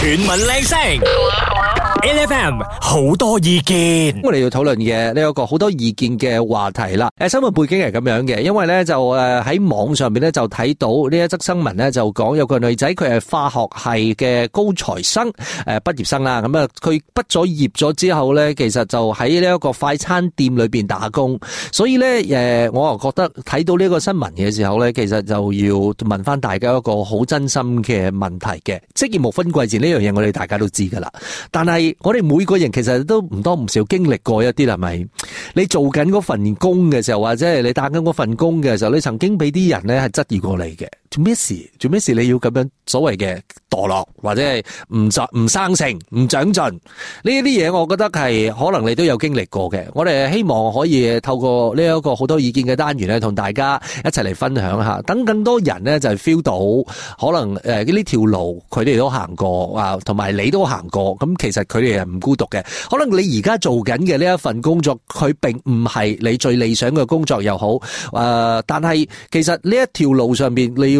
全民靚聲，L.F.M. 好多意見。我哋要討論嘅呢一個好多意見嘅話題啦。誒，新聞背景係咁樣嘅，因為咧就誒喺網上邊咧就睇到呢一則新聞咧就講有個女仔，佢係化學系嘅高材生誒，畢業生啦。咁啊，佢畢咗業咗之後咧，其實就喺呢一個快餐店裏邊打工。所以咧，誒，我又覺得睇到呢個新聞嘅時候咧，其實就要問翻大家一個好真心嘅問題嘅：職業無分貴賤呢？呢樣嘢我哋大家都知噶啦，但係我哋每個人其實都唔多唔少經歷過一啲，係咪？你做緊嗰份工嘅時候，或者係你打緊嗰份工嘅時候，你曾經俾啲人咧係質疑過你嘅。做咩事？做咩事？你要咁樣所謂嘅墮落，或者係唔唔生性、唔長進呢啲嘢？我覺得係可能你都有經歷過嘅。我哋希望可以透過呢一個好多意見嘅單元咧，同大家一齊嚟分享下，等更多人咧就係 feel 到，可能誒呢條路佢哋都行過啊，同、呃、埋你都行過。咁其實佢哋係唔孤獨嘅。可能你而家做緊嘅呢一份工作，佢並唔係你最理想嘅工作又好誒、呃，但係其實呢一條路上邊你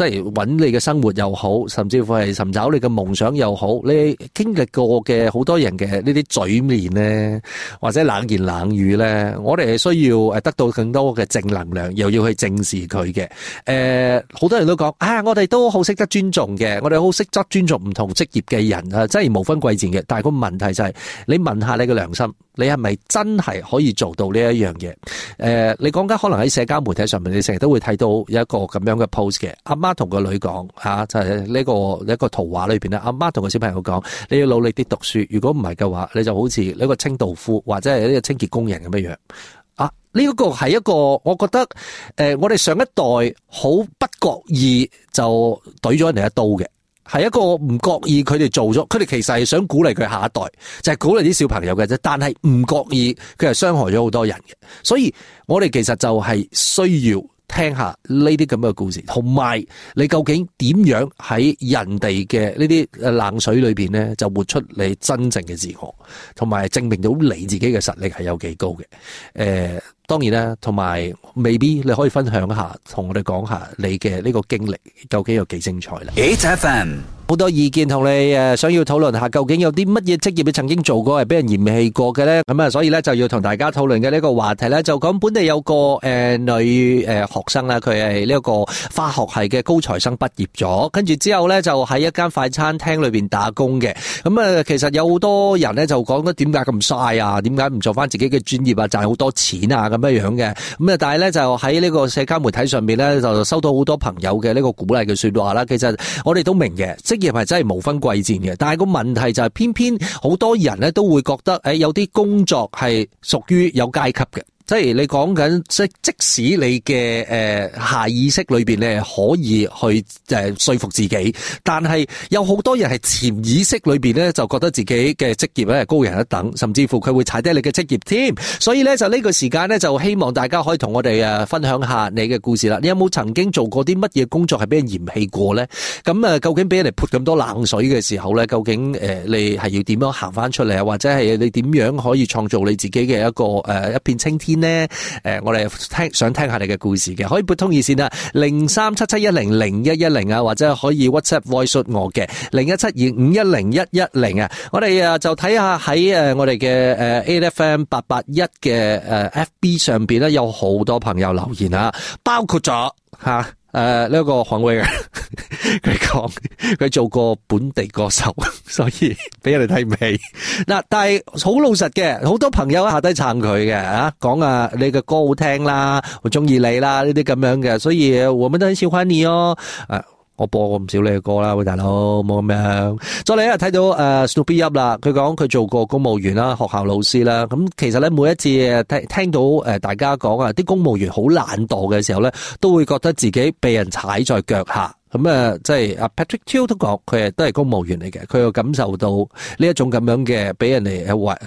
即係揾你嘅生活又好，甚至乎係尋找你嘅夢想又好，你經歷過嘅好多人嘅呢啲嘴臉咧，或者冷言冷語咧，我哋係需要誒得到更多嘅正能量，又要去正視佢嘅。誒，好多人都講啊，我哋都好識得尊重嘅，我哋好識得尊重唔同職業嘅人啊，真係無分貴賤嘅。但係個問題就係，你問下你嘅良心，你係咪真係可以做到呢一樣嘢？誒，你講緊可能喺社交媒體上面，你成日都會睇到有一個咁樣嘅 post 嘅阿媽。阿媽同個女講吓、啊，就係、是、呢、呢個一、呢個圖畫裏邊咧。阿媽同個小朋友講，你要努力啲讀書，如果唔係嘅話，你就好似呢個清道夫或者係呢個清潔工人咁樣。啊，呢個係一個，我覺得誒、呃，我哋上一代好不覺意就懟咗人一刀嘅，係一個唔覺意佢哋做咗，佢哋其實係想鼓勵佢下一代，就係、是、鼓勵啲小朋友嘅啫，但係唔覺意佢係傷害咗好多人嘅，所以我哋其實就係需要。聽下呢啲咁嘅故事，同埋你究竟點樣喺人哋嘅呢啲冷水裏邊咧，就活出你真正嘅自我，同埋證明到你自己嘅實力係有幾高嘅。誒、呃，當然啦，同埋未必你可以分享一下，同我哋講下你嘅呢個經歷究竟有幾精彩啦 hfm 好多意見同你誒，想要討論下，究竟有啲乜嘢職業你曾經做過係俾人嫌棄過嘅咧？咁啊，所以咧就要同大家討論嘅呢個話題咧，就講本地有個誒、呃、女誒、呃、學生啦，佢係呢一個化學系嘅高材生畢業咗，跟住之後咧就喺一間快餐廳裏邊打工嘅。咁啊，其實有好多人咧就講得點解咁嘥啊？點解唔做翻自己嘅專業啊？賺好多錢啊？咁樣樣嘅咁啊，但係咧就喺呢個社交媒體上面咧就收到好多朋友嘅呢個鼓勵嘅說話啦。其實我哋都明嘅，業係真係無分貴賤嘅，但係個問題就係偏偏好多人咧都會覺得，誒，有啲工作係屬於有階級嘅。即係你講緊，即即使你嘅誒下意識裏邊咧可以去誒說服自己，但係有好多人係潛意識裏邊咧就覺得自己嘅職業咧高人一等，甚至乎佢會踩低你嘅職業添。所以咧就呢個時間咧就希望大家可以同我哋誒分享下你嘅故事啦。你有冇曾經做過啲乜嘢工作係俾人嫌棄過咧？咁啊，究竟俾人哋潑咁多冷水嘅時候咧，究竟誒你係要點樣行翻出嚟啊？或者係你點樣可以創造你自己嘅一個誒一片青天？呢，誒、呃，我哋聽想聽，想聽下你嘅故事嘅，可以撥通熱線啊，零三七七一零零一一零啊，或者可以 WhatsApp Voice 我嘅零一七二五一零一一零啊，2, 110, 我哋啊就睇下喺誒我哋嘅誒 AFM 八八一嘅誒 FB 上邊咧，有好多朋友留言啊，包括咗吓。啊誒，呢、呃，這個黃偉啊，佢講佢做過本地歌手，所以俾人哋睇唔起。嗱，但係好老實嘅，好多朋友喺下低撐佢嘅啊，講啊，你嘅歌好聽啦，我中意你啦，呢啲咁樣嘅，所以我們都好喜歡你哦。我播過唔少你嘅歌啦，喂，大佬，冇咁樣。再嚟一日睇到，誒，Stu Bup 啦，佢講佢做過公務員啦，學校老師啦。咁其實咧，每一次聽聽到誒，大家講啊，啲公務員好懶惰嘅時候咧，都會覺得自己俾人踩在腳下。咁啊，即係 Patrick Chiu 都講佢係都係公務員嚟嘅，佢又感受到呢一種咁樣嘅俾人哋屈。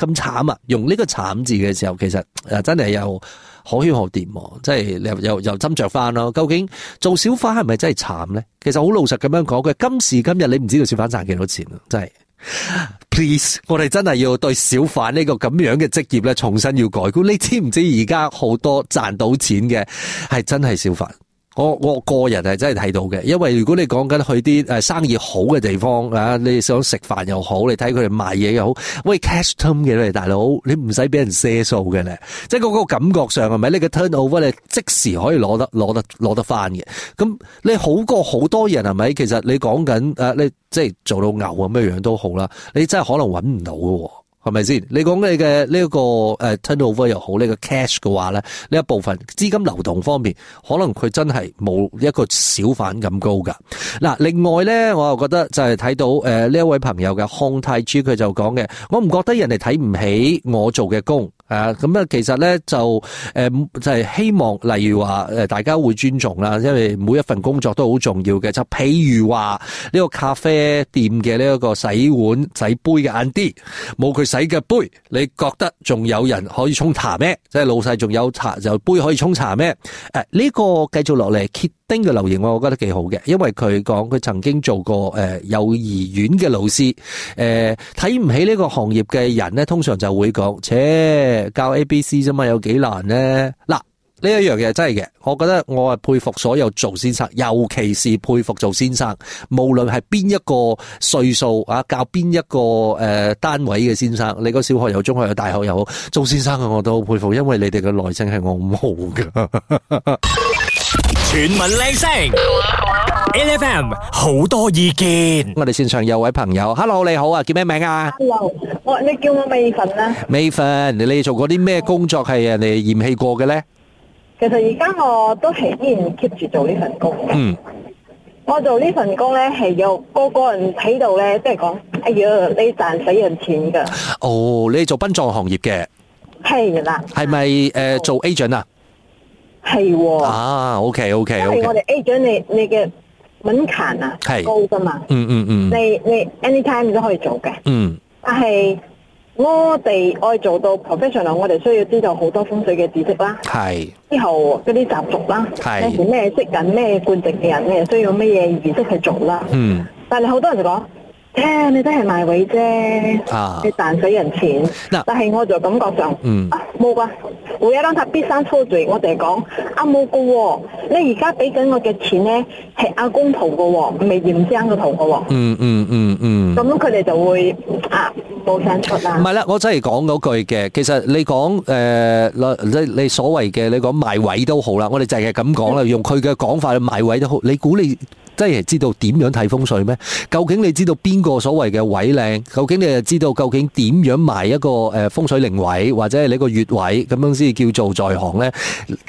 咁慘啊！用呢個慘字嘅時候，其實誒真係又可圈可點喎，啊，即係又又又斟酌翻咯。究竟做小販係咪真係慘咧？其實好老實咁樣講，嘅今時今日你唔知道小販賺幾多錢啊？真係。Please，我哋真係要對小販呢個咁樣嘅職業咧，重新要改觀。你知唔知而家好多賺到錢嘅係真係小販？我我個人係真係睇到嘅，因為如果你講緊去啲誒生意好嘅地方啊，你想食飯又好，你睇佢哋賣嘢又好，喂 cash term 嘅咧，大佬你唔使俾人賒數嘅咧，即係嗰個感覺上係咪？你嘅 turnover 你即時可以攞得攞得攞得翻嘅，咁你好過好多人係咪？其實你講緊誒，你即係做到牛咁樣樣都好啦，你真係可能搵唔到喎。係咪先？你講你嘅呢一個誒，turnover 又好呢、呢個 cash 嘅話咧，呢一部分資金流動方面，可能佢真係冇一個小販咁高噶。嗱，另外咧，我又覺得就係睇到誒呢一位朋友嘅康泰珠，佢就講嘅，我唔覺得人哋睇唔起我做嘅工。誒，咁、啊、其實咧就誒，就係、呃就是、希望，例如話誒，大家會尊重啦，因為每一份工作都好重要嘅。就譬如話呢、這個咖啡店嘅呢一個洗碗洗杯嘅 Auntie，冇佢洗嘅杯，你覺得仲有人可以沖茶咩？即係老細仲有茶就杯可以沖茶咩？誒、啊，呢、這個繼續落嚟。丁嘅留言我覺得幾好嘅，因為佢講佢曾經做過誒幼兒園嘅老師，誒睇唔起呢個行業嘅人呢，通常就會講：切，教 A、B、C 啫嘛，有幾難呢？嗱，呢一樣嘢真係嘅，我覺得我係佩服所有做先生，尤其是佩服做先生，無論係邊一個歲數啊，教邊一個誒、呃、單位嘅先生，你個小學又好，中學又好，大學又好，做先生嘅我都好佩服，因為你哋嘅耐性係我冇嘅。 全民靚聲，L F M 好多意見。我哋線上有位朋友，Hello 你好啊，叫咩名啊？Hello，我你叫我美粉啦。美粉，你你做過啲咩工作？係人哋嫌棄過嘅咧？其實而家我都係依然 keep 住做呢份工。嗯，我做呢份工咧係有個個人喺度咧，即係講，哎呀，你賺死人錢噶。哦，你做殯葬行業嘅係啦，係咪誒做 agent 啊？係喎，是啊，OK OK，o、okay, okay, k 我哋 a 咗你你嘅門檻啊係高噶嘛，嗯嗯嗯，嗯你你 anytime 都可以做嘅，嗯，但係我哋愛做到 professional，我哋需要知道好多風水嘅知識啦，係是，之後嗰啲習俗啦，係是，咩積人咩冠直嘅人咧，需要乜嘢儀式去做啦，嗯，但係好多人就講。誒，你都係賣位啫，你賺死人錢。啊啊，但係我就感覺上，嗯、啊冇啩，會一檔塔必生錯罪。我哋講啊冇噶，你而家俾緊我嘅錢咧，係阿公圖噶，唔係嚴征個圖噶，嗯。嗯嗯嗯嗯。咁佢哋就會啊報想出啦。唔係啦，我真係講嗰句嘅。其實你講誒、呃，你你所謂嘅你講賣位都好啦，我哋就係咁講啦，的用佢嘅講法去賣位都好。你估你？真係知道點樣睇風水咩？究竟你知道邊個所謂嘅位靚？究竟你知道究竟點樣買一個風水靈位或者你個月位咁樣先叫做在行呢？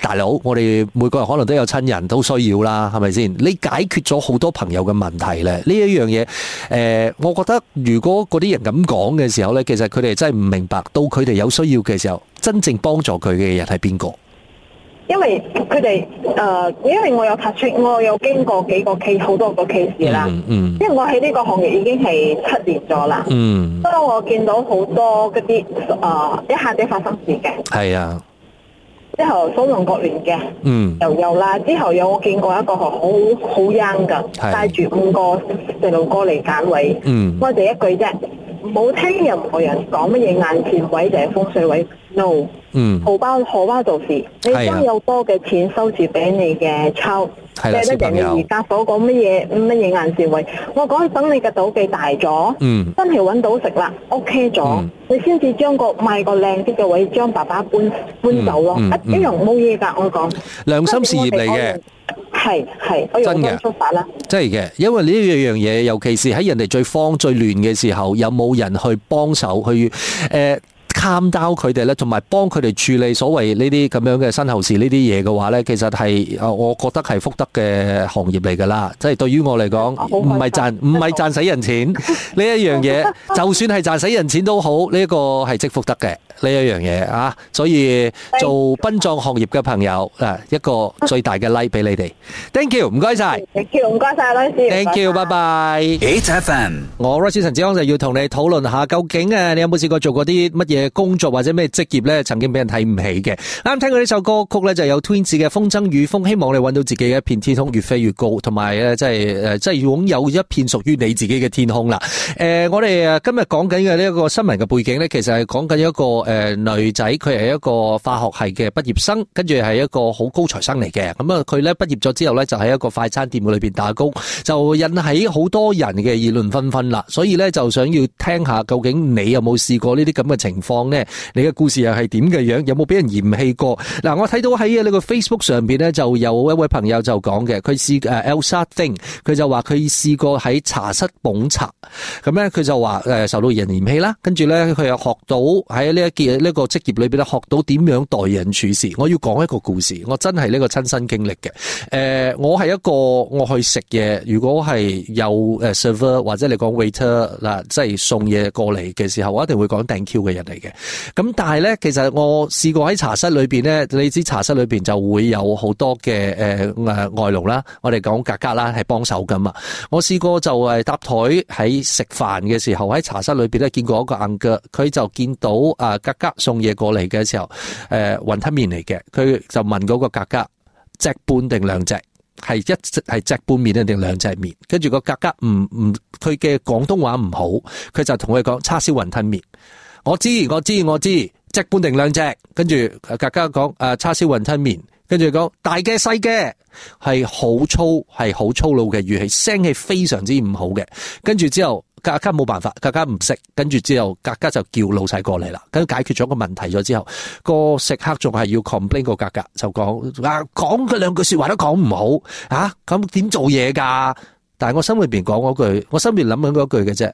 大佬，我哋每個人可能都有親人都需要啦，係咪先？你解決咗好多朋友嘅問題咧，呢一樣嘢，呃，我覺得如果嗰啲人咁講嘅時候呢，其實佢哋真係唔明白，到佢哋有需要嘅時候，真正幫助佢嘅人係邊個？因為佢哋，誒、呃，因為我有拍出，我有經過幾個 case，好多個 case 啦、嗯。嗯，因為我喺呢個行業已經係七年咗啦。嗯。所以我見到好多嗰啲，誒、呃，一下子發生事嘅。係啊。之後風龍國亂嘅。嗯。有有啦，之後有我見過一個好，好 young 噶，帶住是五個細路過嚟揀位。嗯。我哋一句啫。冇聽任何人講乜嘢，眼前位定係風水位？No，嗯，荷包荷包到時，你將有多嘅錢收住俾你嘅抽。即係咧，人哋而家所講乜嘢乜嘢眼前位，我講等你嘅賭技大咗，嗯，真係揾到食啦，OK 咗，你先至將個賣個靚啲嘅位，將爸爸搬搬走咯，一樣冇嘢噶，我講良心事業嚟嘅。係係，真嘅，真係嘅。因為呢一樣嘢，尤其是喺人哋最慌最亂嘅時候，有冇人去幫手去誒，教佢哋咧，同埋幫佢哋處理所謂呢啲咁樣嘅身後事呢啲嘢嘅話咧，其實係我覺得係福德嘅行業嚟噶啦。即係對於我嚟講，唔係賺唔係賺死人錢呢一樣嘢，就算係賺死人錢都好，呢一個係積福德嘅。呢一樣嘢啊，所以做殯葬行業嘅朋友誒，一個最大嘅 like 俾你哋。啊、Thank you，唔該曬。Thank you，唔該曬，Thank you，拜拜。It's FM，我 Richie 陳志康就要同你討論下，究竟誒你有冇試過做過啲乜嘢工作或者咩職業咧？曾經俾人睇唔起嘅。啱啱聽過呢首歌曲咧，就係、有 Twins 嘅《風箏與風》，希望你揾到自己嘅一片天空，越飛越高，同埋咧即係誒即係擁有一片屬於你自己嘅天空啦。誒、呃，我哋誒今日講緊嘅呢一個新聞嘅背景咧，其實係講緊一個。誒、呃，女仔佢係一個化學系嘅畢業生，跟住係一個好高材生嚟嘅。咁、嗯、啊，佢咧畢業咗之後咧，就喺一個快餐店裏邊打工，就引起好多人嘅議論紛紛啦。所以咧，就想要聽一下究竟你有冇試過這些呢啲咁嘅情況咧？你嘅故事又係點嘅樣，樣？有冇俾人嫌棄過？嗱，我睇到喺呢個 Facebook 上邊咧，就有一位朋友就講嘅，佢試誒 Elsa Thing，佢就話佢試過喺茶室捧茶，咁咧佢就話誒、呃、受到人嫌棄啦。跟住咧，佢又學到喺呢一。呢個職業裏邊咧學到點樣待人處事，我要講一個故事，我真係呢個親身經歷嘅。誒，我係一個我去食嘢，如果係有誒 server 或者你講 waiter 嗱，即係送嘢過嚟嘅時候，我一定會講 thank you 嘅人嚟嘅。咁但係咧，其實我試過喺茶室裏邊咧，你知茶室裏邊就會有好多嘅誒誒外勞啦，我哋講格格啦係幫手噶嘛。我試過就係搭台喺食飯嘅時候，喺茶室裏邊咧見過一個硬腳，佢就見到啊。格格送嘢過嚟嘅時候，誒、呃，雲吞麵嚟嘅，佢就問嗰個格格，隻半定兩隻，係一係隻半麵定定兩隻麵，跟住個格格唔唔，佢嘅廣東話唔好，佢就同佢講叉燒雲吞麵，我知我知我知，隻半定兩隻，跟住格格講誒、呃、叉燒雲吞麵，跟住講大嘅細嘅，係好粗係好粗魯嘅語氣，聲氣非常之唔好嘅，跟住之後。格家冇辦法，格家唔識，跟住之後格家就叫老細過嚟啦。跟住解決咗個問題咗之後，個食客仲係要 complain 個格格，就講啊講佢兩句説話都講唔好啊！咁點做嘢㗎？但係我心裏邊講嗰句，我心裏邊諗緊嗰句嘅啫。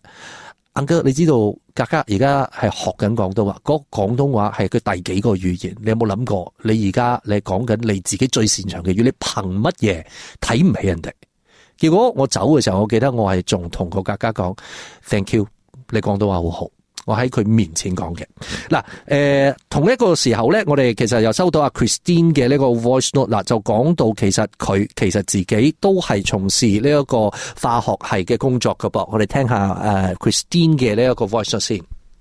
阿哥，你知道格格而家係學緊廣東話，嗰廣東話係佢第幾個語言？你有冇諗過？你而家你講緊你自己最擅長嘅語，你憑乜嘢睇唔起人哋？如果我走嘅時候，我記得我係仲同個格格講 thank you，你講到話好好，我喺佢面前講嘅。嗱，誒，同一個時候咧，我哋其實又收到阿 Christine 嘅呢個 voice note，嗱，就講到其實佢其實自己都係從事呢一個化學系嘅工作㗎噃，我哋聽下誒 Christine 嘅呢一個 voice note 先。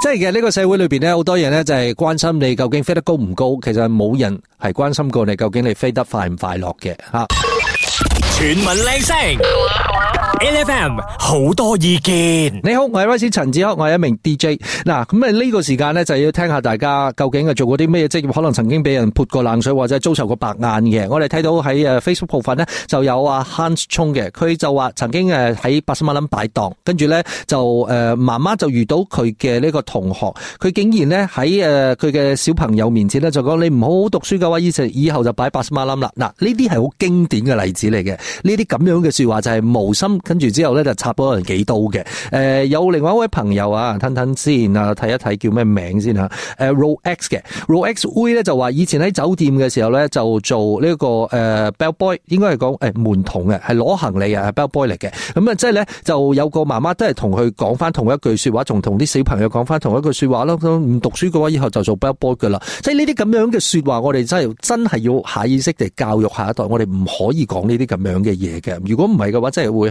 即係嘅，呢、呢個社會裏邊咧，好多人咧就係關心你究竟飛得高唔高，其實冇人係關心過你究竟你飛得快唔快樂嘅吓。全民靚聲。L.F.M. 好多意見。你好，我係威斯陳子克，我係一名 D.J. 嗱，咁啊呢個時間咧就要聽下大家究竟係做過啲咩職業，可能曾經俾人潑過冷水，或者遭受過白眼嘅。我哋睇到喺誒 Facebook 部分咧，就有阿 Han 沖嘅，佢就話曾經誒喺百斯瑪林擺檔，跟住咧就誒媽媽就遇到佢嘅呢個同學，佢竟然咧喺誒佢嘅小朋友面前咧就講你唔好好讀書嘅話，以以後就擺百斯瑪林啦。嗱、啊，呢啲係好經典嘅例子嚟嘅，呢啲咁樣嘅説話就係無心。跟住之後咧，就插咗人幾刀嘅。誒，有另外一位朋友啊，吞吞先啊，睇一睇叫咩名先嚇。誒，Row X 嘅 Row X V 咧就話，以前喺酒店嘅時候咧，就做呢個誒 bell boy，應該係講誒門童嘅，係攞行李嘅，係 bell boy 嚟嘅。咁、嗯、啊，即係咧就有個媽媽都係同佢講翻同一句説話，仲同啲小朋友講翻同一句説話咯。唔讀書嘅話，以後就做 bell boy 嘅啦。即係呢啲咁樣嘅説話，我哋真係真係要下意識地教育下一代，我哋唔可以講呢啲咁樣嘅嘢嘅。如果唔係嘅話，真係會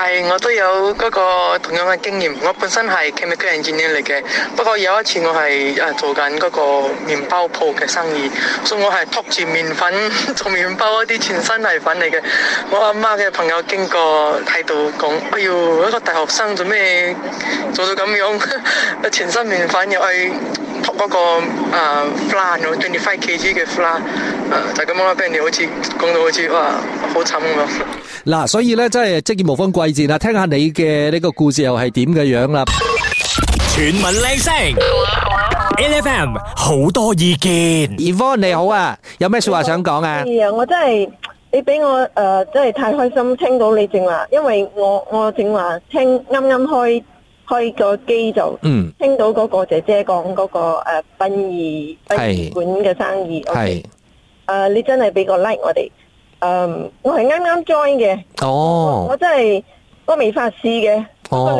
係，我都有個同樣嘅經驗，我本身係 chemical engineer 嚟嘅，不過有一次我係誒做緊個麵包鋪嘅生意，所以我係托住麵粉做麵包啲全身麵粉嚟嘅。我阿媽嘅朋友經過喺度講哎喲一個大學生做咩做到咁樣全身麵粉又去托、嗰個誒 flour，twenty five kg 嘅 flour。誒、啊啊、就咁樣畀人哋好似講到好似哇好慘咁。嗱、啊，所以咧真係職業無分貴。聽下你嘅呢個故事又係點嘅樣啦？全民靚聲，L F M 好多意見。Yvonne 你好啊，有咩說話想講啊？係啊，我真係你俾我誒，真係太開心，聽到你正話，因為我我正話聽啱啱開開個機就嗯聽到嗰個姐姐講嗰個誒殯儀殯儀館嘅生意係誒，你真係俾個 like 我哋誒，我係啱啱 join 嘅哦，我真係。我未發師嘅，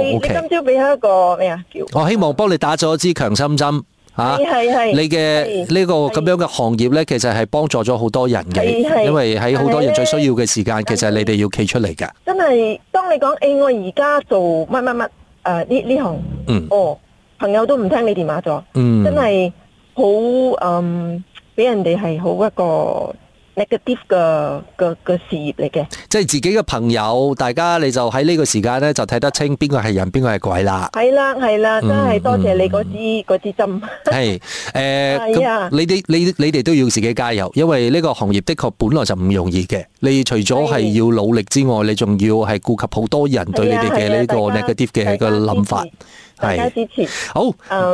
你你今朝俾一個咩啊？叫我希望幫你打咗一支強心針嚇，你係你嘅呢個咁樣嘅行業咧，其實係幫助咗好多人嘅，因為喺好多人最需要嘅時間，其實你哋要企出嚟㗎。真係，當你講誒，我而家做乜乜乜誒呢呢行，哦朋友都唔聽你電話咗，真係好嗯，俾人哋係好一個。negative 嘅嘅嘅事業嚟嘅，即係自己嘅朋友，大家你就喺呢個時間咧就睇得清邊個係人，邊個係鬼啦。係啦，係啦，真係多謝你嗰支嗰支針。係，誒，係啊，你啲你你哋都要自己加油，因為呢個行業的確本來就唔容易嘅。你除咗係要努力之外，你仲要係顧及好多人對你哋嘅呢個 negative 嘅個諗法。係，大家支持好，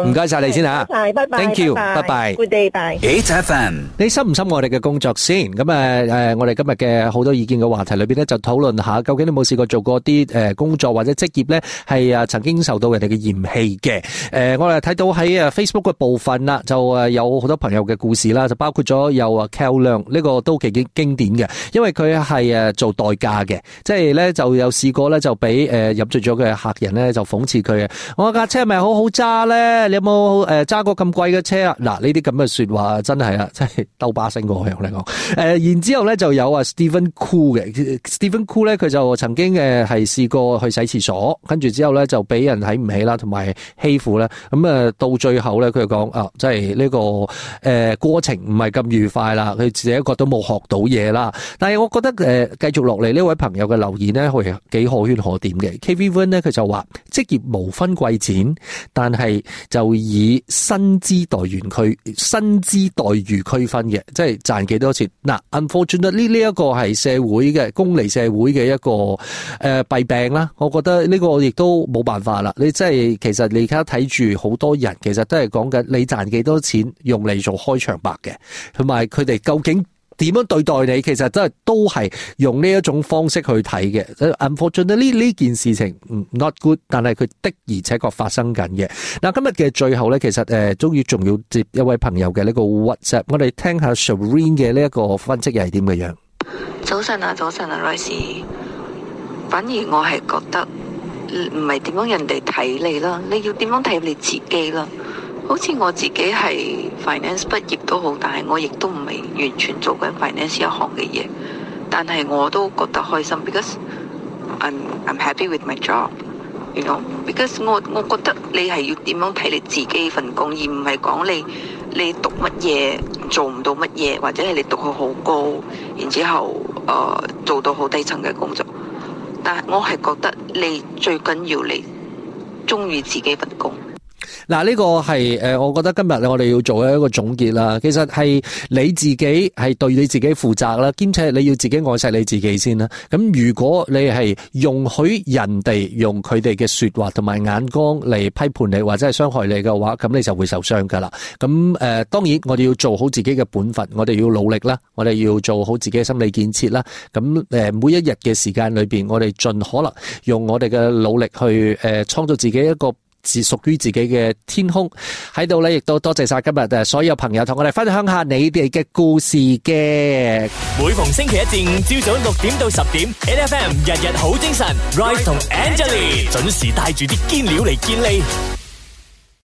唔該晒你先吓，係，拜拜，Thank you，拜拜，Good day，拜，H F M，你深唔深我哋嘅工作先？咁啊，誒，我哋今日嘅好多意見嘅話題裏邊咧，就討論下究竟你有冇試過做過啲誒工作或者職業咧，係啊曾經受到人哋嘅嫌棄嘅？誒，我哋睇到喺誒 Facebook 嘅部分啦，就誒有好多朋友嘅故事啦，就包括咗有啊，Kelvin 呢個都幾經經典嘅，因為佢係誒做代駕嘅，即係咧就有試過咧就俾誒飲醉咗嘅客人咧就諷刺佢嘅，我。架車係咪好好揸咧？你有冇誒揸過咁貴嘅車啊？嗱，呢啲咁嘅說話真係啊，真係兜巴星我向你講。誒、呃，然之後咧就有啊 Steven Cool 嘅 Steven Cool 咧，佢就曾經誒係、呃、試，試過去洗廁所，跟住之後咧就俾人睇唔起啦，同埋欺負咧。咁、嗯、啊、呃、到最後咧，佢就講啊，即係呢個誒、呃、過程唔係咁愉快啦，佢自己覺得冇學到嘢啦。但係我覺得誒、呃、繼續落嚟呢位朋友嘅留言咧，佢係幾可圈可點嘅。K V One 咧，佢就話職業無分貴賤。錢，但係就以薪資待遇區薪資待遇區分嘅，即係賺幾多錢。嗱，Unfortunately 呢，呢一個係社會嘅功利社會嘅一個誒弊病啦。我覺得呢個亦都冇辦法啦。你即係其實你而家睇住好多人，其實都係講緊你賺幾多錢用嚟做開場白嘅，同埋佢哋究竟。點樣對待你，其實都係都係用呢一種方式去睇嘅。Unfortunately 呢呢件事情 not good，但係佢的而且確發生緊嘅。嗱，今日嘅最後呢，其實誒、呃、終於仲要接一位朋友嘅呢個 WhatsApp，我哋聽下 Shirin 嘅呢一個分析係點嘅樣。早晨啊，早晨啊，Rice。反而我係覺得唔唔係點樣人哋睇你啦，你要點樣睇你自己啦。好似我自己係 finance 畢業都好，但係我亦都唔係完全做緊 finance 一行嘅嘢，但係我都覺得開心，because I'm I'm happy with my job，you know？Because 我我覺得你係要點樣睇你自己份工，而唔係講你你讀乜嘢做唔到乜嘢，或者係你讀好高，然之後誒、呃、做到好低層嘅工作。但係我係覺得你最緊要你鍾意自己份工。嗱，呢個係誒，我覺得今日我哋要做嘅一個總結啦。其實係你自己係對你自己負責啦，兼且你要自己愛錫你自己先啦。咁如果你係容許人哋用佢哋嘅說話同埋眼光嚟批判你或者係傷害你嘅話，咁你就會受傷噶啦。咁誒、呃，當然我哋要做好自己嘅本分，我哋要努力啦，我哋要做好自己嘅心理建設啦。咁誒、呃，每一日嘅時間裏邊，我哋盡可能用我哋嘅努力去誒，創、呃、造自己一個。是屬於自己嘅天空，喺度咧，亦都多謝晒今日所有朋友，同我哋分享一下你哋嘅故事嘅。每逢星期一至五朝早六點到十點，N F M 日日好精神，Rice 同 Angelie 準時帶住啲堅料嚟見你。